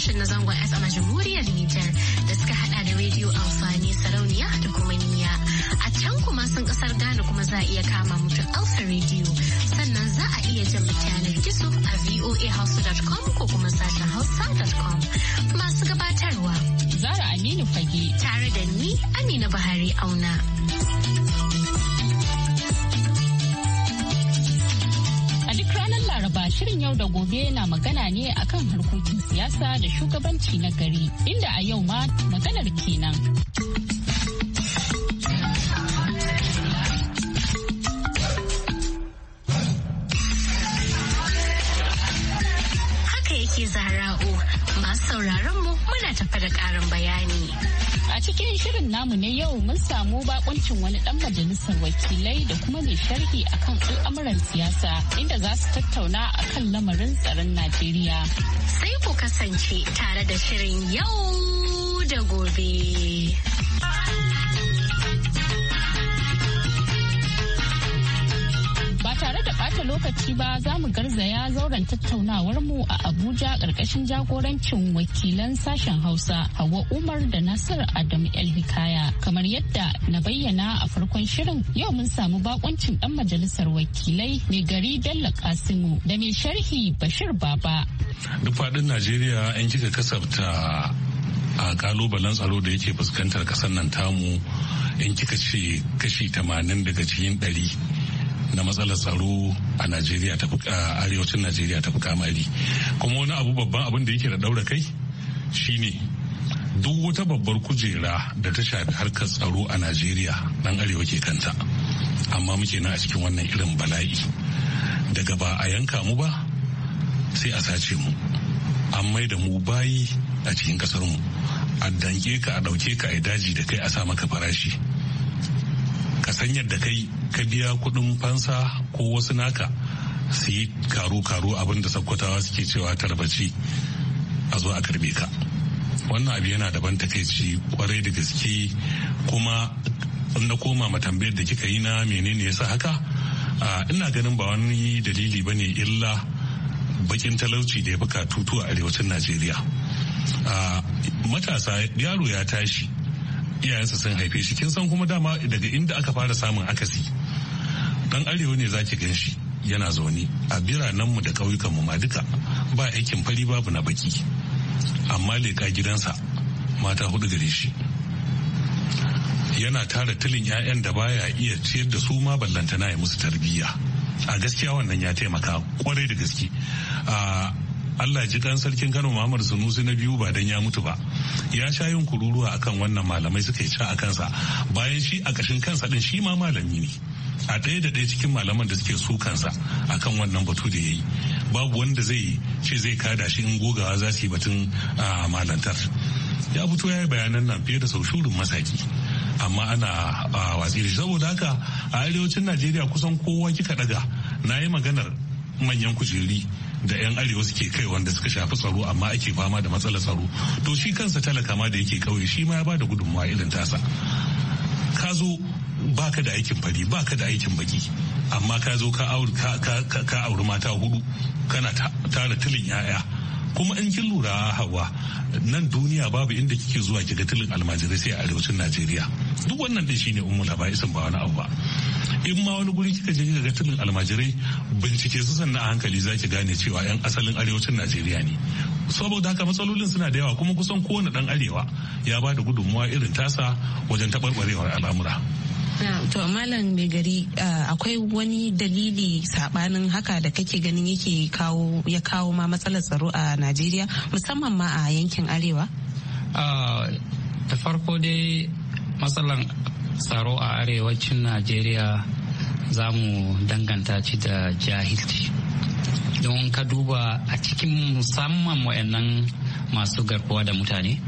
tushen na zangon FM a jamhuriyar Nijar da suka hada da rediyo amfani sarauniya da kuma niyya. A can kuma sun kasar Ghana kuma za a iya kama mutu Alfa rediyo sannan za a iya jan mutanen gizo a voahouse.com ko kuma sashen hausa.com. Masu gabatarwa. Zara Aminu Fage. Tare da ni Amina Buhari Auna. Shirin yau da gobe na magana ne akan harkokin siyasa da shugabanci na gari, inda a yau ma maganar kenan. sauraron mu muna tafa da ƙarin bayani. A cikin shirin namu na yau mun samu bakuncin wani dan majalisar wakilai da kuma mai sharhi akan al'amuran siyasa inda za su tattauna akan lamarin tsaron Najeriya. Sai ku kasance tare da shirin yau da gobe. lokaci ba za mu garzaya zauren tattaunawar mu a Abuja ƙarƙashin jagorancin wakilan sashen Hausa Hawa Umar da Nasir Adam hikaya Kamar yadda na bayyana a farkon shirin yau mun samu bakoncin ɗan majalisar wakilai mai gari Bello Kasimu da mai sharhi Bashir Baba. Duk faɗin Najeriya an kika kasafta a kalubalen tsaro da yake fuskantar kasar nan tamu in kika ce kashi 80 daga cikin ɗari. na matsalar tsaro a najeriya ta arewacin najeriya ta kamari kuma wani abu babban abin da yake da daura kai shine duk wata babbar kujera da ta shafi harkar tsaro a najeriya dan arewa ke kanta amma muke na a cikin wannan irin bala'i daga ba a yanka mu ba sai a sace mu an mai da mu bayi a cikin kasar mu a danke ka a dauke ka a daji da kai a sa maka farashi ka san yadda kai ka biya kudin fansa ko wasu naka su yi karu-karu abin da sakkwatawa suke cewa tarbaci a zo a karbe ka wannan abu yana daban takaici kwarai da gaske kuma na koma ma tambayar da kika yi na menene yasa haka ina ganin ba wani dalili ba ne illa bakin talauci da ya fi katutu a arewacin najeriya matasa yaro ya tashi iyayensa sun haife shi kin san kuma dama daga inda aka fara samun akasi dan arewa ne zaki gan shi yana zaune a biranen mu da mu ma duka ba aikin fari babu na baki amma leƙa gidansa mata hudu gare shi yana tara tilin 'ya'yan da baya iya ciyar da su ma ballantana ya musu tarbiyya a gaskiya wannan ya taimaka kwarai da gaske ah, Allah ji kan sarkin Kano Muhammad Sunusi na biyu ba dan ya mutu ba ya sha yin kururuwa akan wannan malamai suka yi ca a kansa bayan shi a kashin kansa din shi ma malami ne a ɗaya da ɗaya cikin malaman da suke su kansa akan wannan batu da ya yi babu wanda zai ce zai kada shi in gogawa za su yi batun malantar ya fito ya yi bayanan nan fiye da sau shurin masaki amma ana watsi da shi saboda haka a arewacin najeriya kusan kowa kika daga na yi maganar manyan kujeri da 'yan arewa suke kai wanda suka shafi tsaro amma ake fama da matsalar tsaro to shi kansa talaka ma da yake kauye shi ma ya bada gudunmawa irin tasa ka zo baka da aikin fari baka da aikin baki amma ka zo ka auri mata hudu kana tara tilin 'ya'ya kuma in kin lura hawa nan duniya babu inda kike zuwa kiga tilin almajirai sai a arewacin najeriya duk wannan din shine umu labarai sun ba wani abu ba in ma wani guri kika je kika ga tunin almajirai bincike su sannan a hankali za ki gane cewa yan asalin arewacin najeriya ne saboda haka matsalolin suna da yawa kuma kusan kowane dan arewa ya ba da gudunmuwa irin tasa wajen taɓarɓarewar al'amura To Malam mai gari akwai wani dalili sabanin haka da kake ganin yake kawo ya kawo ma matsalar tsaro a Najeriya musamman ma a yankin Arewa? Da farko dai matsalar. tsaro a arewacin najeriya za mu danganta ci da jahilci don ka duba a cikin musamman wayannan masu garkuwa da mutane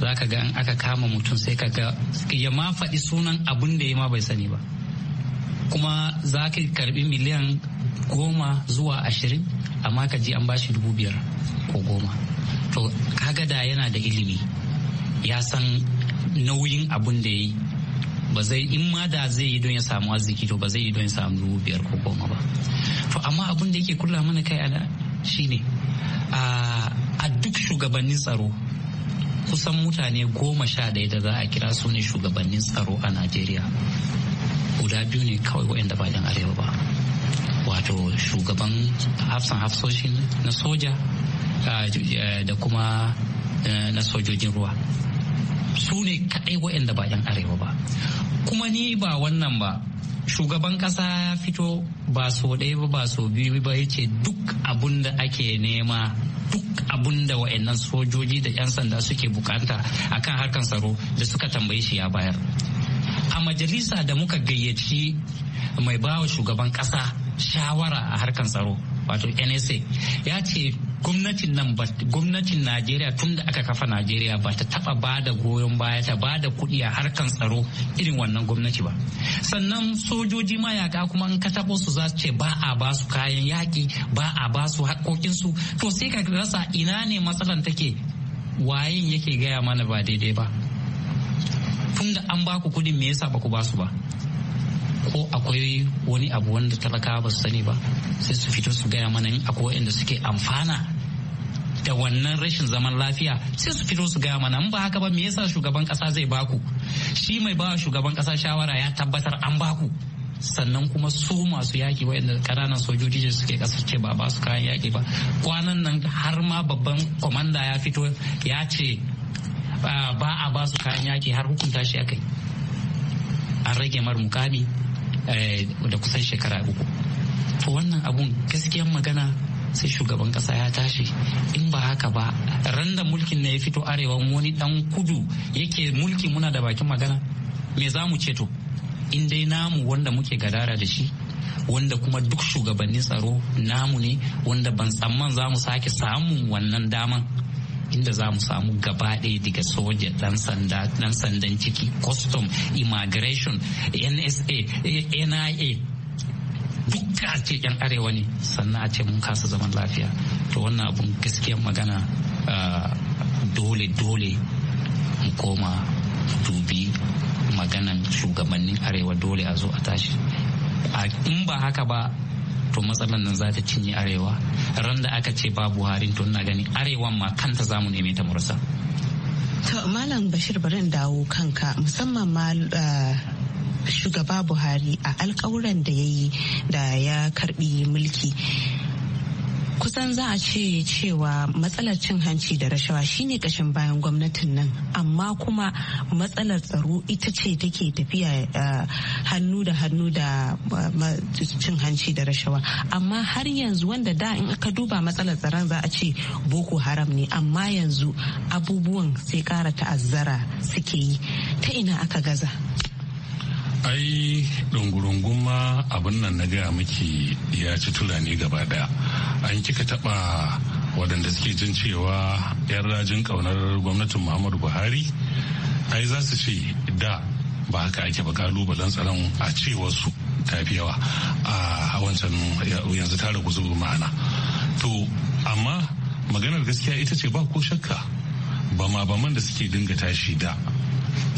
za ka ga in aka kama mutum sai ka ga ya ma faɗi sunan abin da ya ma bai sani ba kuma za ka karbi miliyan goma zuwa ashirin amma ka ji an ba shi dubu biyar ko goma to kaga da yana da ilimi ya san nauyin abin da ya yi ba zai in ma da zai yi don ya samu arziki to ba zai yi don ya samu dubu biyar ko goma ba to amma abin da yake kula mana kai ana shine a duk shugabannin tsaro kusan mutane goma sha ɗaya da za a kira su ne shugabannin tsaro a najeriya guda biyu ne kawai waɗanda ba dan arewa ba wato shugaban hafsan hafsoshin na soja da kuma eh, na sojojin ruwa su ne kaɗai waɗanda ba 'yan arewa ba kuma ni ba wannan ba shugaban ƙasa fito ba so ɗaya ba ba so biyu ba ya ce duk abun ake nema duk abun da wa'annan sojoji da 'yan sanda suke bukata akan harkan tsaro da suka tambaye shi ya bayar a majalisa da muka gayyaci mai bawa shugaban ƙasa shawara a harkan tsaro wato nsa ya ce gwamnatin nan gwamnatin najeriya tun da aka kafa najeriya ba ta taba ba da goyon baya ta ba da kuɗi a harkan tsaro irin wannan gwamnati ba sannan sojoji mayaka kuma in ka taɓo su za su ce ba a ba su kayan yaƙi ba a ba su haƙoƙinsu to sai ka rasa ina ne matsalan take wayin yake gaya mana ba daidai ba tun da an ba ku kuɗin me yasa ba ku ba su ba ko akwai wani abu wanda talaka ba su sani ba sai su fito su gaya mana akwai wanda suke amfana da wannan rashin zaman lafiya sai su fito su gaya mana ba haka ba me yasa shugaban kasa zai baku shi mai ba shugaban kasa shawara ya tabbatar an baku sannan kuma su masu yaki waɗanda ƙananan sojoji da suke kasar ce ba ba su kayan yaki ba kwanan nan har ma babban kwamanda ya fito ya ce ba a ba su kayan yaki har hukunta shi akai an rage mar mukami Eh, da kusan shekara uku to wannan abun gaskiyan magana sai shugaban kasa ya tashi in ba haka ba ran da mulkin na ya fito arewa wani dan kudu yake mulki muna da bakin magana me za mu ceto in dai namu wanda muke gadara da shi wanda kuma duk shugabannin tsaro namu ne wanda ban tsamman za mu sake samun wannan daman inda za mu samu gaba ɗaya daga soja ɗan sanda ɗan sandan ciki custom immigration nsa nia duka a ce yan arewa ne sannan a ce mun kasa zaman lafiya to wannan abun gaskiyar magana ah, dole dole mu koma dubi maganan shugabannin arewa dole a zo a tashi in ba haka ba to matsalar nan za ta cinye arewa ran da aka ce babu buhari to na gani arewa ma kanta za mu neme ta murasa to malam bashir barin dawo kanka musamman ma eh, shugaba buhari a alkawuran da ya yi da ya karbi mulki kusan za a ce cewa matsalar cin hanci da rashawa shine kashin bayan gwamnatin nan amma kuma matsalar tsaro ita ce take tafiya eh, hannu da hannu da eh, cin hanci da rashawa amma har yanzu wanda da in aka duba matsalar tsaron za a ce boko haram ne amma yanzu abubuwan sai kara ta'azzara suke yi ta ina aka gaza ai ɗungurungun ma abin nan na gaya miki ya ci tulani gaba daya an kika taɓa waɗanda suke jin cewa 'yan rajin ƙaunar gwamnatin muhammadu buhari ai za su ce da ba haka ake ba kalubalen tsaron a cewar su ta yawa a wancan yanzu ta guzu ma'ana to amma maganar gaskiya ita ce ba ko shakka ba ma ba man da suke dinga tashi da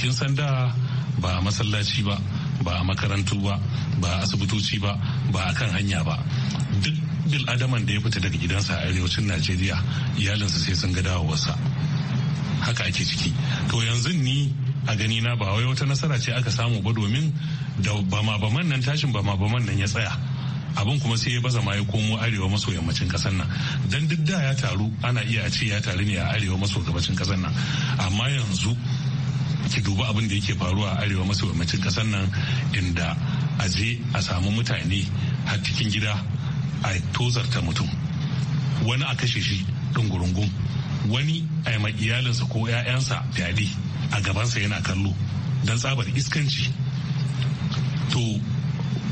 kin san da ba masallaci ba ba a makarantu ba ba a asibitoci ba ba a kan hanya ba duk bil adaman da ya fita daga gidansa a arewacin najeriya iyalinsa sai sun ga dawowarsa haka ake ciki to yanzu ni a gani na ba wai wata nasara ce aka samu ba domin da bama baman nan tashin bama baman nan ya tsaya abin kuma sai ya baza ma ya komo arewa maso yammacin kasar nan dan duk da ya taru ana iya a ce ya taru ne a arewa maso gabacin kasar nan amma yanzu ki duba abin da yake faruwa a arewa maso yammacin kasar nan inda a je a samu mutane har cikin gida a tozarta mutum wani a kashe shi ɗungurungun wani a yi iyalinsa ko 'ya'yansa fyaɗe a gabansa yana kallo don tsabar iskanci to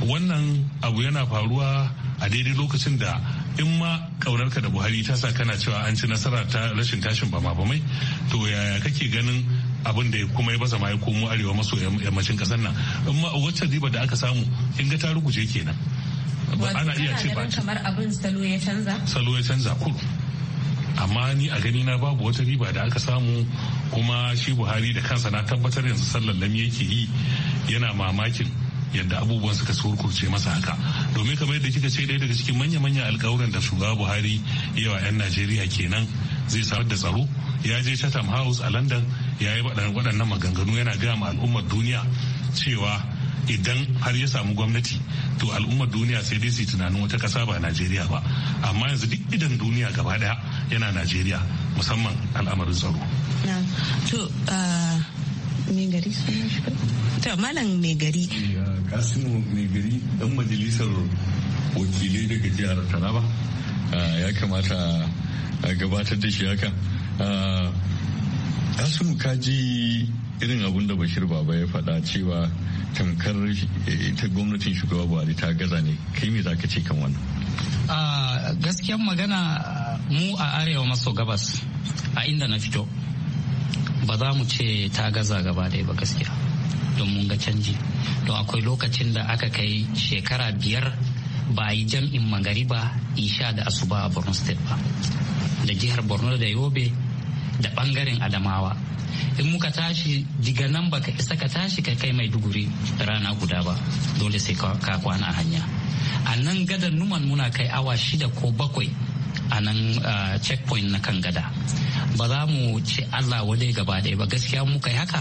wannan abu yana faruwa a daidai lokacin da in ma ƙaunarka da buhari ta sa kana cewa an ci nasara ta rashin tashin bama bamai to yaya kake ganin abin da kuma ya basa ma ya komo arewa maso yammacin kasar nan amma wacce riba da aka samu in ga ta rubuce kenan ana iya ce ba kamar abin salo ya canza salo ya canza kudu amma ni a gani na babu wata riba da aka samu kuma shi buhari da kansa na tabbatar yanzu sallallam yake yi yana mamakin yadda abubuwan suka surkurce masa haka domin kamar yadda kika ce ɗaya daga cikin manya manya alkawuran da shugaba buhari yawa 'yan najeriya kenan zai samar da tsaro ya je chatham house a london ya yi waɗannan maganganu yana gaya ma al'ummar duniya cewa idan har ya samu gwamnati to al'ummar duniya sai dai su tunanin wata kasa ba najeriya ba amma yanzu duk idan duniya gaba ɗaya yana najeriya musamman al'amarin tsaro dan ah, eh, ah, majalisar wakilai daga jihar taraba ah, ya kamata a gabatar da shi hakan Asimu kaji irin abun da Bashir Baba ya faɗa cewa tamkar eh, ta gwamnatin shugaba Buhari ta gaza ne kai me zaka ce kan wannan? A gaskiyar magana mu a arewa maso gabas a inda na fito ba za mu ce ta gaza gaba ɗaya ba gaskiya don mun ga canji don akwai lokacin da aka kai shekara biyar ba yi jam'in magariba isha da asuba a borno state ba da jihar borno da yobe da bangaren adamawa in muka tashi diga nan baka isa ka tashi ka kai mai duguri rana guda ba dole sai ka kwana a hanya a nan gadar numan muna kai awa shida ko bakwai a nan checkpoint na kan gada ba za mu ce Allah wadai gaba ɗaya ba gaskiya muka yi haka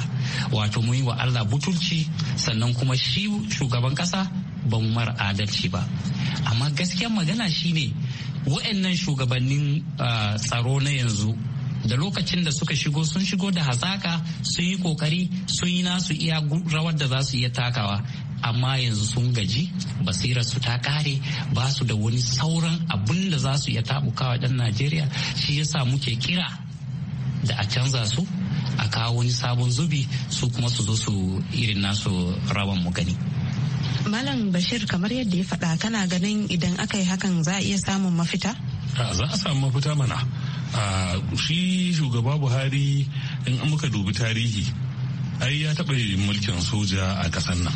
wato mu yi wa Allah butulci sannan kuma shi shugaban ƙasa ba mu mara adalci ba amma gaskiyan magana shine waɗannan shugabannin tsaro na yanzu da lokacin da suka shigo sun shigo da hazaka sun yi kokari sun yi nasu iya rawar da za su iya takawa amma yanzu sun gaji su ta kare ba su da wani sauran abin da za su iya tabukawa dan najeriya shi yasa muke kira da a canza su a kawo wani sabon zubi su kuma su zo su irin nasu rawan mu gani Malam Bashir kamar yadda ya faɗa kana ganin idan aka yi hakan za a iya samun mafita? Za a samu mafita mana. shi shugaba buhari in an muka dubi tarihi ai ya taɓa yin mulkin soja a ƙasar nan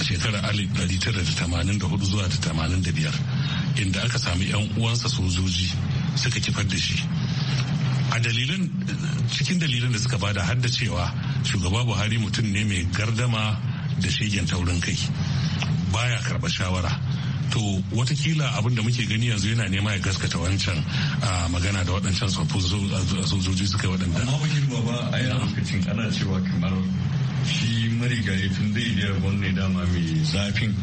A shekarar 1984 zuwa 85 inda aka sami 'yan uwansa sojoji suka kifar da shi a dalilan cikin dalilan da suka ba da da cewa shugaba buhari mutum ne mai gardama da shegen taurin kai baya karɓar shawara to watakila abin da muke gani yanzu yana nema ya gaskata wancan magana da waɗancan sojoji suka waɗanda. amma ba ba a yi lokacin ana cewa kamar shi marigayi tun zai da wani dama mai zafin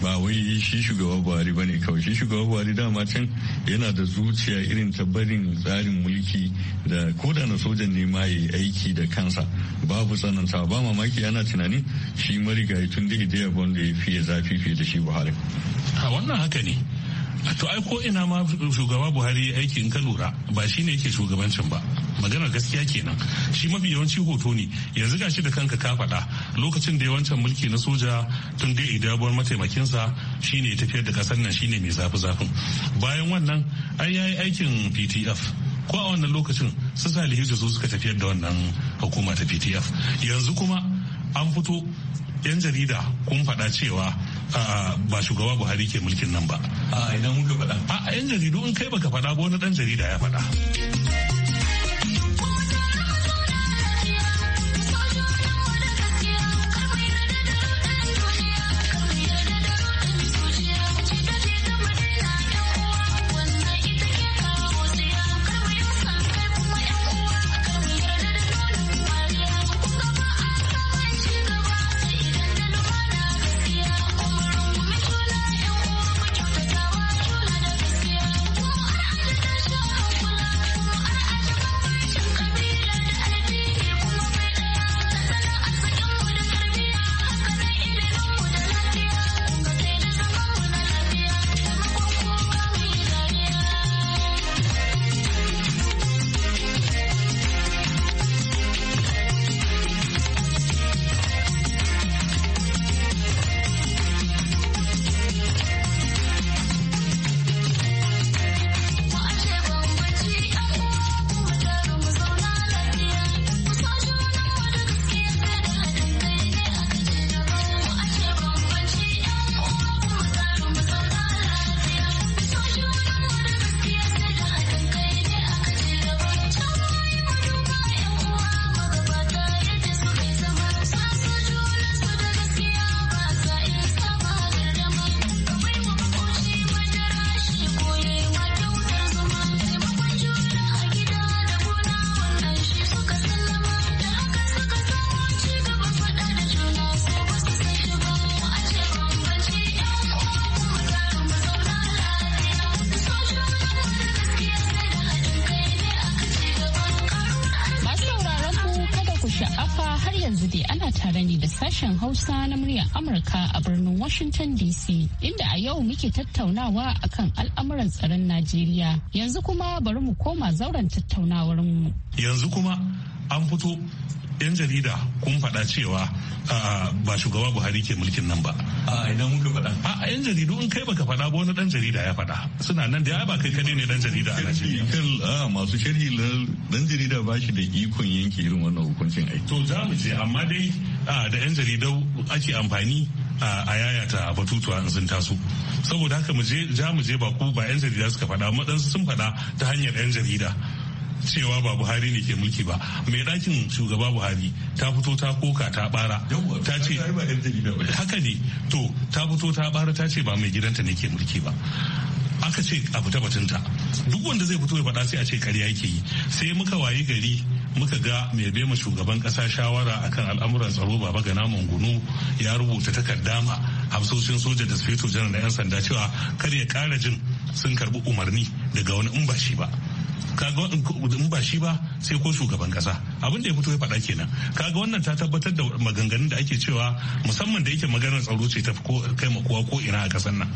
ba wai shi shugaba buhari ba ne kawai shi shugaba buhari dama can yana da zuciya irin ta barin tsarin mulki da koda na sojan ne ma ya aiki da kansa babu tsananta ba mamaki ana tunani shi marigayi tun da ya wanda ya fiye zafi fiye da shi buhari a wannan haka ne to ai ko ina ma shugaba buhari aiki in ka lura ba shi ne yake shugabancin ba maganar gaskiya kenan shi mafi yawanci hoto ne yanzu shi da kanka ka faɗa lokacin da yawancin mulki na soja tun dai idabuwar mataimakinsa ne tafiyar da kasar nan ne mai zafi zafin bayan wannan ai yayi aikin ptf ko a wannan lokacin su salihu su suka tafiyar da wannan hukuma ta ptf yanzu kuma an fito 'yan jarida kun faɗa cewa ba shugaba buhari ke mulkin nan ba a idan mun faɗa a 'yan jaridu in kai baka faɗa ba wani ɗan jarida ya faɗa tare ne da sashen Hausa na muryar Amurka a birnin Washington DC inda a yau muke tattaunawa akan al'amuran tsaron Najeriya. Yanzu kuma bari mu koma zauren tattaunawar mu. Yanzu kuma an fito yan jarida kun faɗa cewa ba shugaba buhari ke mulkin nan ba a idan muka faɗa a yan jaridu in kai baka faɗa ba wani dan jarida ya faɗa suna nan da ya ba kai kadai ne dan jarida a Najeriya kan masu sharhi dan jarida ba shi da ikon yanke irin wannan hukuncin aiki to za mu je amma dai da yan jaridau ake amfani a yayata batutuwa in sun taso saboda haka mu je mu je ba ku ba yan jarida suka faɗa madansu sun faɗa ta hanyar yan jarida cewa ba buhari ne ke mulki ba mai dakin shugaba buhari ta fito ta koka ta bara ta ce haka ne to ta fito ta bara ta ce ba mai gidanta ne ke mulki ba aka ce a fita batunta duk wanda zai fito ya faɗa sai a ce karya yake yi sai muka wayi gari muka ga mai ma shugaban kasa shawara akan al'amuran tsaro baba gana mangunu ya rubuta takarda ma hafsoshin soja da sufeto janar da 'yan sanda cewa kar ya kara jin sun karɓi umarni daga wani in ba shi ba kaga in ba shi ba sai ko shugaban kasa abin da ya fito ya faɗa kenan kaga wannan ta tabbatar da maganganun da ake cewa musamman da yake maganar tsaro ce ta kai ma kowa ko ina a kasar nan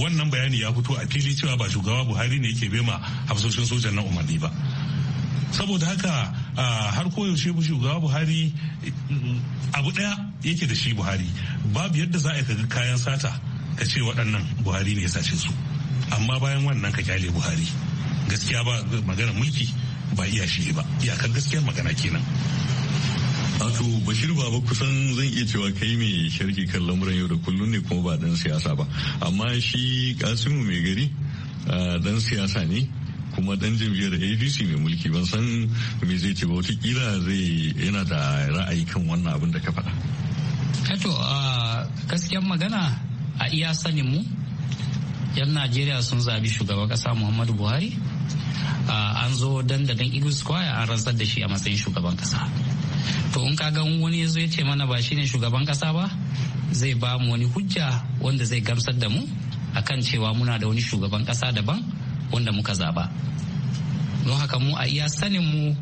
wannan bayani ya fito a fili cewa ba shugaba buhari ne yake bema hafsoshin sojan nan umarni ba saboda haka har koyaushe shugaba buhari abu daya yake da shi buhari babu yadda za a kaga kayan sata ka ce waɗannan buhari ne ya sace su amma bayan wannan ka kyale buhari gaskiya ba magana mulki ba iya shi ba iyakar gaskiyar magana kenan Ato Bashir Baba kusan zan iya cewa kai mai sharki kan lamuran yau da kullum ne kuma ba dan siyasa ba. Amma shi Kasimu mai gari dan siyasa ne kuma dan jam'iyyar ADC mai mulki ban san me zai ce ba watakila zai yana da ra'ayi kan wannan abin da ka faɗa. Ato eh gaskiyar magana a iya sanin mu yan Najeriya sun zabi shugaban ƙasa Muhammadu Buhari. an zo dandalin eagle square an rantsar da shi a matsayin shugaban kasa to in ka gan wani ya zo ya ce mana ba shine shugaban kasa ba zai ba mu wani hujja wanda zai gamsar da mu akan cewa muna da wani shugaban kasa daban wanda muka zaba don haka mu a iya sanin mu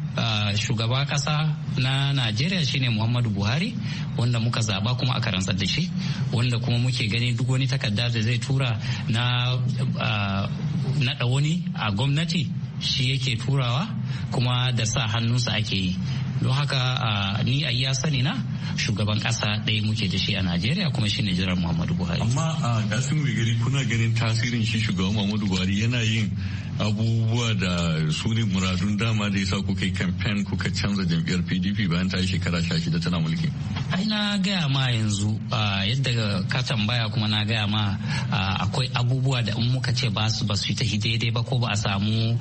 shugaba kasa na najeriya shine muhammadu buhari wanda muka zaba kuma aka rantsar da shi wanda kuma muke gani duk wani takarda da zai tura na naɗa wani a gwamnati shi yake turawa kuma da sa hannunsa ake yi don haka ni a iya sani na shugaban kasa ɗaya muke da shi a najeriya kuma shi ne jiran muhammadu buhari amma a gasin gari kuna ganin tasirin shi shugaban muhammadu buhari yana yin abubuwa da su muradun dama da yasa kuka yi kamfen kuka canza jam'iyyar pdp bayan ta yi shekara sha shida tana mulki ai na gaya ma yanzu yadda ka tambaya kuma na gaya ma akwai abubuwa da in muka ce ba su ba su yi ta daidai ba ko ba a samu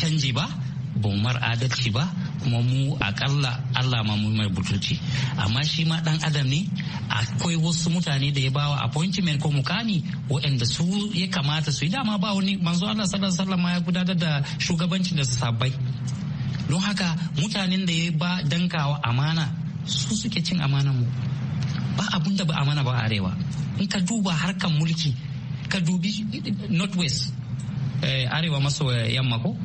canji ba ba adalci ba kuma mu akalla Allah ma mu mai butulci amma shi ma dan adam ne akwai wasu mutane da ya bawa appointment ko mukami waɗanda su ya kamata su yi dama ba wani manzo Allah sallallahu alaihi wasallam ya gudanar da shugabancin da su sabbai don haka mutanen da ya ba dankawa amana su suke cin amanan mu ba abun da ba amana ba arewa in ka duba harkan mulki ka dubi northwest eh, arewa maso yamma ko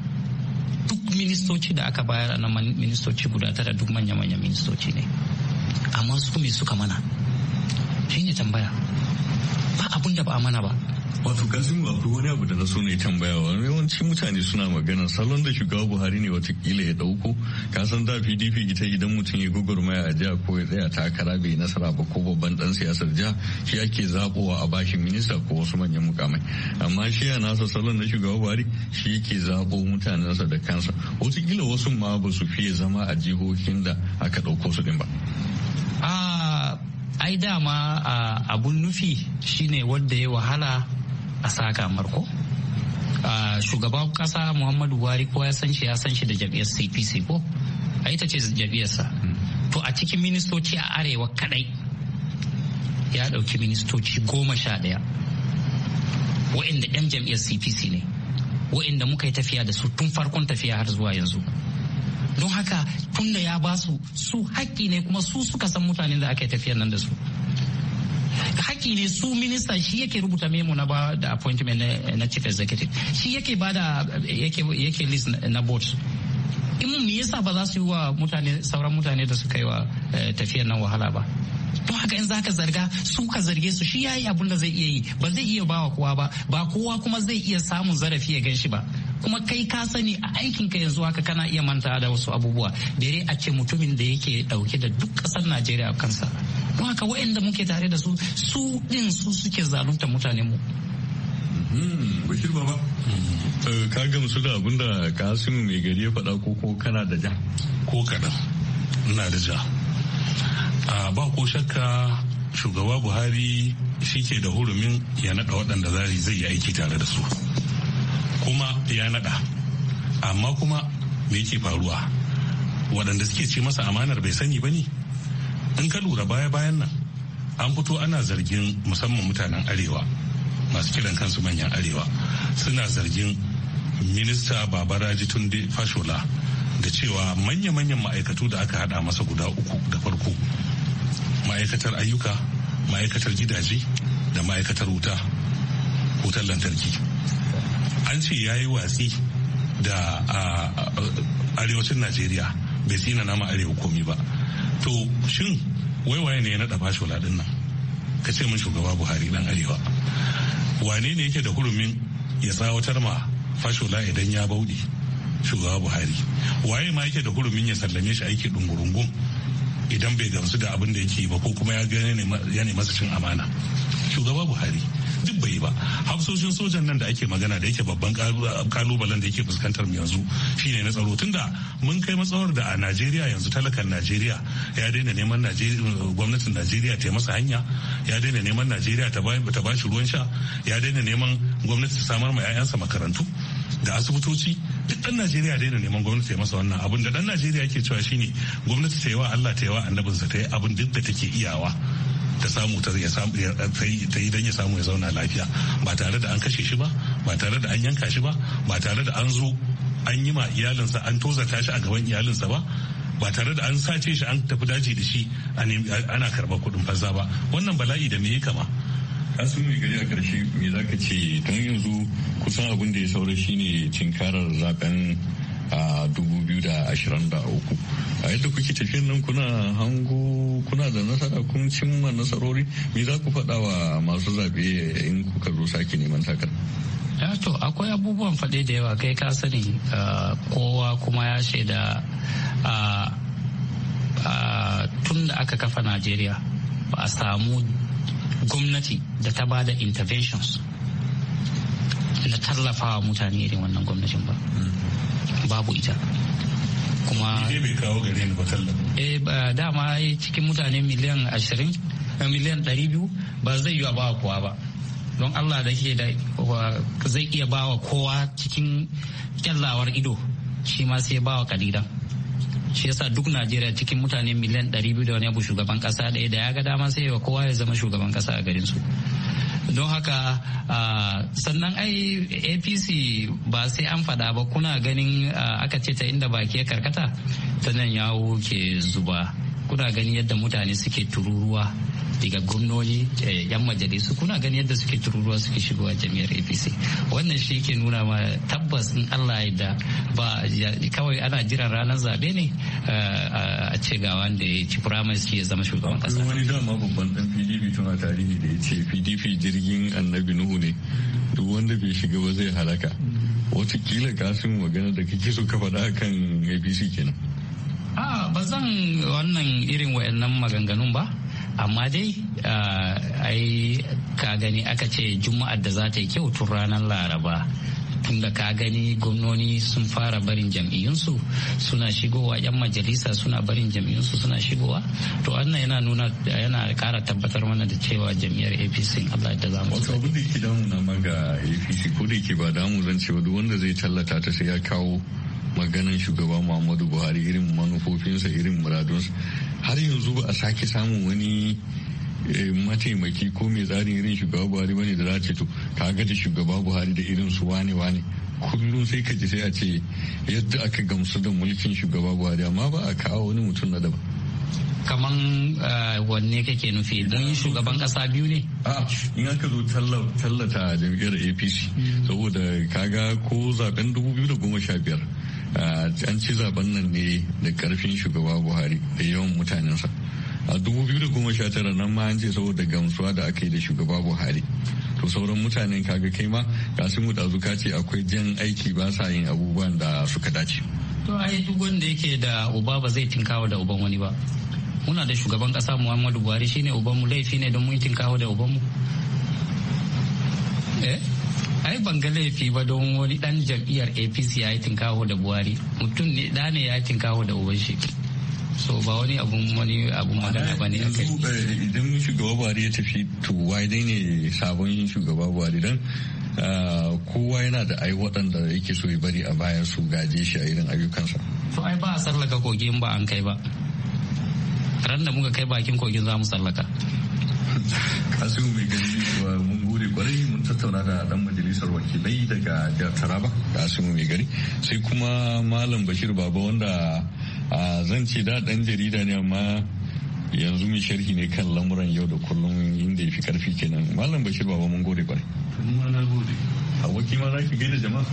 ministoci da aka bayar a na ministoci guda tara duk manya-manya ministoci ne amma su me suka mana shi ne tambaya ba abun da ba a mana ba wato kasimu akwai wani abu da na so ne tambaya yawanci mutane suna magana salon da shugaba buhari ne watakila ya dauko san da pdp ita idan mutum ya gugurmaya a jiha ko ya tsaya takara bai nasara ba ko babban dan siyasar jiha shi ake zabowa a bashi minista ko wasu manyan mukamai amma shi a nasa salon na shugaba buhari shi yake zabo mutanensa da kansa watakila wasu ma ba su fiye zama a jihohin da aka dauko su din ba ah, ai dama ah, abun nufi shine wanda ya wahala a saka marko shugaban kasa muhammadu buhari ko ya san shi ya san shi da jam'iyyar cpc ko a ita ce jam'iyyarsa to a cikin ministoci a arewa kadai ya dauki ministoci goma sha daya wa'inda 'yan jam'iyyar cpc ne wa'inda muka yi tafiya da su tun farkon tafiya har zuwa yanzu don haka tunda ya ba su su haƙƙi ne kuma su suka san mutanen da aka yi tafiyar nan da su haƙƙi ne su minista shi yake rubuta memo na ba da appointment na chief executive shi yake ba da yake list na board in me yasa ba za su yi wa mutane sauran mutane da suka yi wa eh, tafiyar nan wahala ba to haka in zaka zarga su ka zarge su shi yayi abun da zai iya yi ba zai iya bawa kowa ba ba kowa kuma zai iya samun zarafi ya ganshi ba kuma kai ka sani a aikin ka yanzu haka kana iya manta da wasu abubuwa dare a ce mutumin da yake dauke da duk kasar Najeriya a kansa don haka waɗanda muke tare da su su ɗin su suke zalunta mutane mu hmm, Bashir Baba, hmm. eh, ka gamsu da abinda Kasimu mai gari ya faɗa ko kana da ja? Ko kaɗan, ina da ja. Ah, ba ko shakka shugaba Buhari shi ke da hurumin ya naɗa waɗanda zari zai yi aiki tare da su. Kuma ya naɗa, amma kuma me yake faruwa? Waɗanda suke ce masa amanar bai sani ba ne? in ka lura baya-bayan nan an fito ana zargin musamman mutanen arewa masu kiran kansu manyan arewa suna zargin minista babaraji tunde fashola da cewa manya-manyan ma'aikatu da aka hada masa guda uku da farko ma'aikatar ayyuka ma'aikatar gidaje da ma'aikatar wuta wutar lantarki an ce ya yi watsi da arewacin najeriya bai tsina nama arewa komi ba to shin wai waye ne ya naɗa fashola ɗin nan ka ce min shugaba buhari dan arewa wane ne yake da hurumin ya tsawatar ma fashola idan ya bauɗi shugaba buhari waye ma yake da hurumin ya sallame shi aiki ɗungurungun idan bai gamsu da abin da yake ba ko kuma ya gane ne masa cin amana shugaba buhari duk bai ba hafsoshin sojan nan da ake magana da yake babban kalubalen da yake fuskantar mu yanzu shine na tsaro tunda mun kai matsawar da a najeriya yanzu talakan najeriya ya daina neman gwamnatin najeriya ta masa hanya ya daina neman najeriya ta ba shi ruwan sha ya daina neman gwamnati ta samar ma 'ya'yansa makarantu da asibitoci duk dan najeriya daina neman gwamnati ya masa wannan abin da dan najeriya yake cewa shine gwamnati ta yi wa allah ta yi wa annabinsa ta yi abin duk da take iyawa ta samu ta yi don ya samu ya zauna lafiya ba tare da an kashe shi ba ba tare da an yanka shi ba ba tare da an zo an yi ma iyalinsa an tozarta shi a gaban iyalinsa ba ba tare da an sace shi an tafi daji da shi ana karɓar kuɗin fasa ba wannan bala'i da me ya kama asu mai gari a ƙarshe me za ka ce don yanzu kusan abin da ya saura shine cinkarar zaben a 2023 a yadda kuke tafiyan nan kuna hango kuna da nasara kun cimma nasarori me za ku faɗa wa masu zaɓe in kuka zo sake neman ya to akwai abubuwan faɗe da yawa kai ka sani kowa kuma ya shaida tun da aka kafa najeriya ba a samu gwamnati da ta bada interventions na tallafawa mutane irin wannan gwamnatin ba hmm. babu ita kuma bai kawo gare ni ba eh dama cikin mutane miliyan ashirin eh, miliyan ɗari biyu ba zai yi ba kowa ba don allah da ke da zai iya bawa kowa cikin kyallawar ido shi ma sai bawa kalilan shi yasa duk najeriya cikin mutane miliyan 200 da wani abu shugaban kasa ɗaya da ya ga dama sai wa kowa ya zama shugaban kasa a garin su don haka sannan ai apc ba sai an fada ba kuna ganin aka ce ta inda baki ya karkata ta nan yawo ke zuba kuna gani yadda mutane suke tururuwa daga gwamnoni eh, yan majalisu kuna gani yadda suke tururuwa suke shigowa jami'ar apc wannan shi ke nuna ma tabbas in allah ya da ba kawai ana jiran ranar zaɓe ne eh, a ce ga wanda ya ci ya zama shugaban kasa wani dama babban dan pdp tuna tarihi da ya ce pdp jirgin annabi nuhu ne duk wanda bai shiga ba zai halaka watakila kasin magana da kake so ka faɗa kan apc kenan a ba zan wannan irin wayannan maganganun ba amma dai ai ka gani aka ce juma'ar da za ta yi kyau tun ranar laraba tunda ka gani gwamnoni sun fara barin jam'iyyunsu suna shigowa yan majalisa suna barin jam'iyyunsu suna shigowa to wannan yana nuna yana kara tabbatar mana da cewa jam'iyyar apc allah da za mu wato abin da ke damu na maga apc ko da ke ba damu zan cewa duk wanda zai tallata ta sai ya kawo maganan shugaba muhammadu buhari irin manufofinsa irin muradunsa har yanzu ba a sake samun wani eh, mataimaki ko mai tsarin irin shugaba buhari bane da za ce to ka da shugaba buhari da irin su wane wane kullum sai ka ji sai a ce yadda aka gamsu da mulkin shugaba buhari amma ba a kawo wani mutum na daban kaman eh, wanne kake nufi don shugaban kasa biyu ne? in aka zo tallata jam'iyyar apc saboda kaga ko zaben 2015 an ci zaben nan ne da karfin shugaba buhari da yawan mutanensa a 2019 nan ma an ce saboda gamsuwa da aka yi da shugaba buhari to sauran mutanen kaga kai ma kasimu ɗazu ka ce akwai jan aiki ba sa yin abubuwan da suka dace to ai duk wanda yake da uba ba zai tinkawa da uban wani ba muna da shugaban kasa muhammadu buhari shine ubanmu laifi ne don mun tinkawa da ubanmu eh ai ban ga laifi ba don wani dan jam'iyyar apc ya yi tinkaho da buhari mutum ne da ne ya yi tinkaho da ubanshi so ba wani abun wani abun magana ba ne kai. Eh, idan shugaba buhari ya tafi to wai dai ne sabon shugaba buhari don ah, kowa yana da ai waɗanda yake so ya bari a bayan su gaje shi a irin ayyukansa to ai ba a sallaka kogin ba an kai ba ran da muka kai bakin kogin za mu sallaka asibu mai gani mun gode kwarai mun tattauna da dan majalisar wakilai daga jihar taraba da asibu mai gari sai kuma malam bashir baba wanda zan ce da dan jarida ne amma yanzu mai sharhi ne kan lamuran yau da kullum inda ya fi karfi kenan malam bashir baba mun gode kwarai a ma za ki gaida jama'a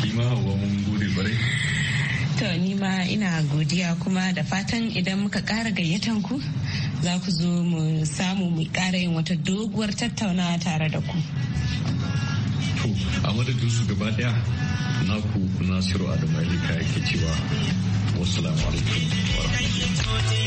kima wa mun gode kwarai To ni ma ina godiya kuma da fatan idan muka ƙara gayyatan ku za ku zo mu samu mu ƙara yin wata doguwar tattaunawa tare da ku. To a madadin su gaba daya naku Nasiru Adamu Alika yake cewa wasu alaikum